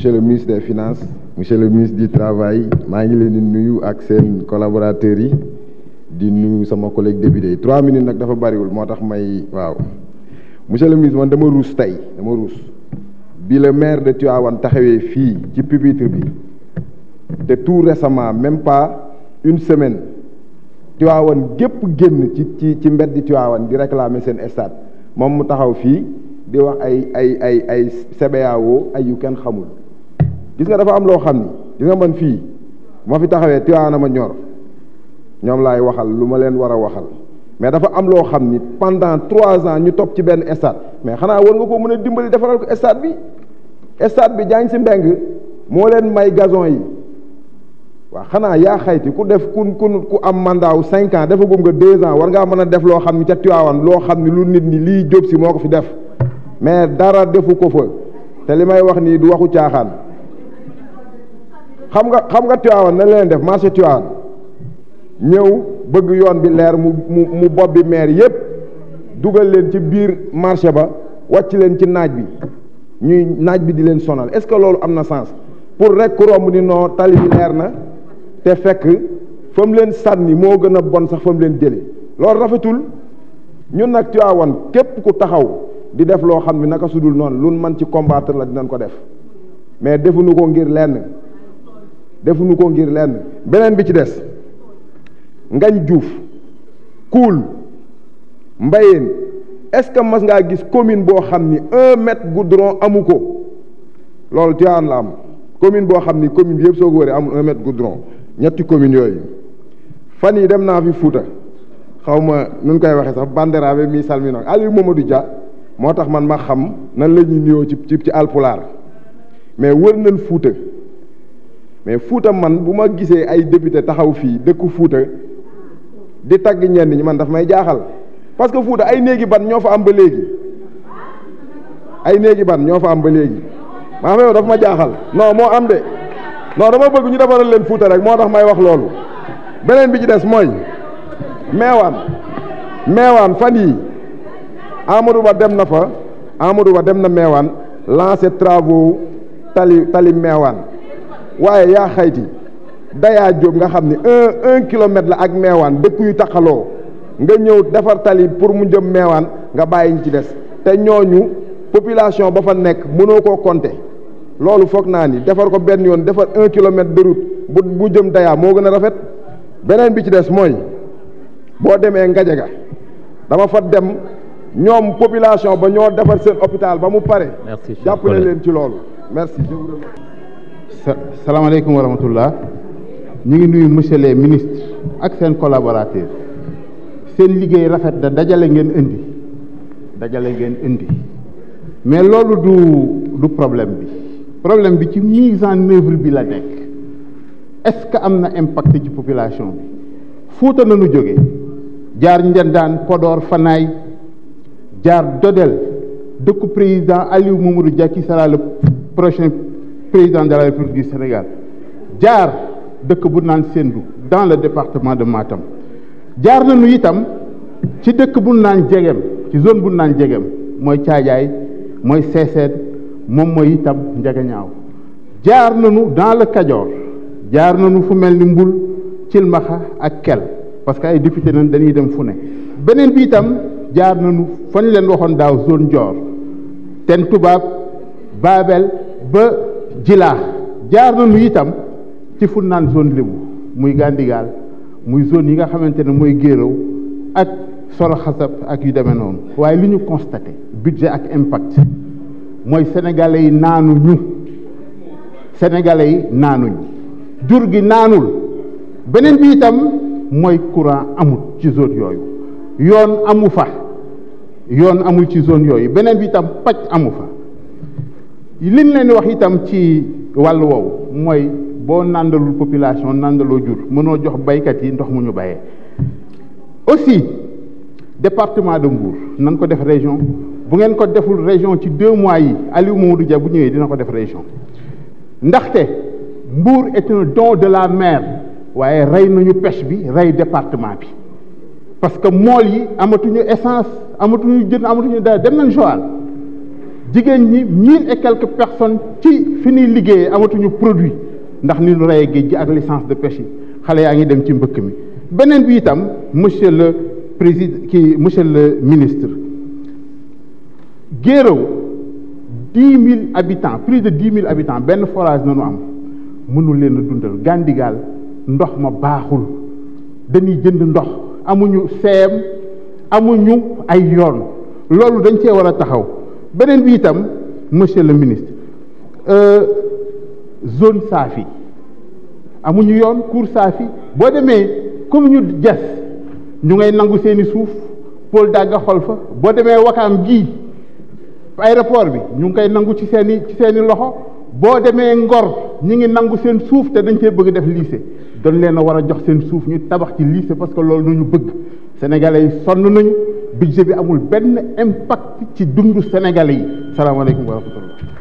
monsieur le ministre des finances monsieur le ministre du travail je suis collaborateur, collaborateurs collègue député trois minutes je dafa bariwul monsieur le ministre man dama Russe, dama le maire de Tivaouane fi ci pupitre bi de tout récemment même pas une semaine gep ci ci taxaw di wax ay ay ay ay gis nga dafa am loo xam ni gis nga man fii ma fi taxawee Tivaouane ma ñor ñoom laay waxal lu ma leen war a waxal mais dafa am loo xam ni pendant trois ans ñu topp ci benn stade mais xanaa war nga koo mën a dimbali defaral ko stade bi stade bi jaañ si mbeng moo leen may gazon yi waa xanaa yaa xayti ku def ku kun ku am mandat wu cinq ans defagum nga deux ans war ngaa mën a def loo xam ni ca Tivaouane loo xam ni lu nit ñi lii jóob si moo ko fi def mais dara defu ko fa te li may wax nii du waxu caaxaan. xam nga xam nga Tiwaawan na leen def marché Tiwaawan ñëw bëgg yoon bi leer mu mu mu bopp bi maire yëpp dugal leen ci biir marché ba wàcc leen ci naaj bi ñuy naaj bi di leen sonal est-ce que loolu am na sens pour rek ku romb ni noo tali bi leer na te fekk fa leen sànni moo gën a bon sax fa leen jëlee loolu rafetul ñun nag Tiwaawan képp ku taxaw di def loo xam bi naka sudul noonu lu man ci combattre la dinañ ko def mais defuñu ko ngir lenn. defuñu ko ngir leen beneen bi ci des ngañ juuf kuul mbayeen est-ce que mas ngaa gis commune boo xam ni un mètre goudron amu ko loolu Tivaouane la am commune boo xam ni commune bi yëpp soo ko wëree amul am mètre goudron ñetti commune yooyu fan yi dem naa fi Fouta xaw ma nu koy waxee sax bandéraabe mi moom a du Dia moo tax man ma xam nan la ñuy nuyoo ci ci ci alpulaar mais wër nañ Fouta mais fouta man buma gisé ay député taxaw fi deku fouta di tag ñen ñi man daf may jaaxal parce que fouta ay néegi ban ñofa am ba légui ay néegi ban ñofa am ba légui no xam daf ma jaaxal non mo am dé non dama bëgg ñu defaral leen fouta rek moo tax may wax lool benen bi ci dess moy meewaan meewaan fani Amadou Ba dem na fa Amadou Ba dem na meewaan lancer travaux tali tali mewan. waye y'a xayti daya jóob nga un la ak De dëkk yu nga defar tali pour mu jëm nga te population ba fa nek mëno defar ko un kilomètre de route bu jëm rafet benen bi ci des moy bo démé dama fa dem ñom population ba ñoo defar hôpital ba mu pare. ci merci alaikum wa rahmatullah Nous sommes les ministres collaborateurs C'est ce qui est fait mais ce du du problème Le problème qui ci mise en œuvre la est-ce que a un impact la population bi nañu nous jaar Dodel président le prochain président de la République du Sénégal Diar de bu naan Sendou dans le département de Matam Diar nañu itam ci de bu naan Jegem ci zone bu naan Jegem mooy Caajaay mooy Seeseen moom mooy itam Njagañaaw jaar nañu dans le Kajor, diar nañu fu mel ni Mbul Akel, ak Kel parce que ay député nañ dañuy dem fu ne beneen bi itam diar nañu fañ leen waxoon zone Dior ten Babel ba. jilaa jaar na lu itam ci fu naan zone lébu muy gàndigaal muy zone yi nga xamante ne mooy géerow ak solo xasab ak yu demee noonu waaye li ñu constaté budget ak impact mooy sénégalais yi naanuñu sénégale yi naanuñu jur gi naanul beneen bi itam mooy courant amul ci zone yooyu yoon amu fa yoon amul ci zone yooyu beneen bi itam paj amu fa li leen ci population jur jox baykat yi ndox aussi département de dans nan ko def région bu ngeen ko deful région ci deux mois yi Aliou Mamadou bu dina ko est un don de la mer waaye rey nañu pêche bi rey département bi parce que mool yi amatuñu essence amatuñu jën amatuñu dem nañ jigéen ni 1000 et quelques personnes ci fini ñuy amatuñu produit ndax ni ñu rayé géej gi ak licence de pêche xalé xale yaa ngi dem ci mbëkk mi benen bi itam monsieur le président kii monsieur le ministre géro 10000 habitants plus de 10000 habitants benn forage nañu am mënul leen dundal gandigal ndox ma baxul dañuy jënd ndox amuñu sem amuñu ay yoon loolu dañ cee war a taxaw beneen bi itam monsieur le ministre euh, zone saafi amuñu yoon cour saafi boo demee commune ñu jas ñu ngay nangu seeni suuf pôle dagga xol fa boo demee wakaam gii aéroport bi ñu ngi koy nangu ci seeni ci seeni loxo boo demee ngor ñu ngi nangu seen suuf te dañ cee bëgg def lycée doon leen a war a jox seen suuf ñu tabax ci lycée parce que loolu nu ñu bëgg sénégalais yi sonn nañu budget bi amul benn impact ci dundu Sénégalais yi salaamaaleykum wa rahmatullah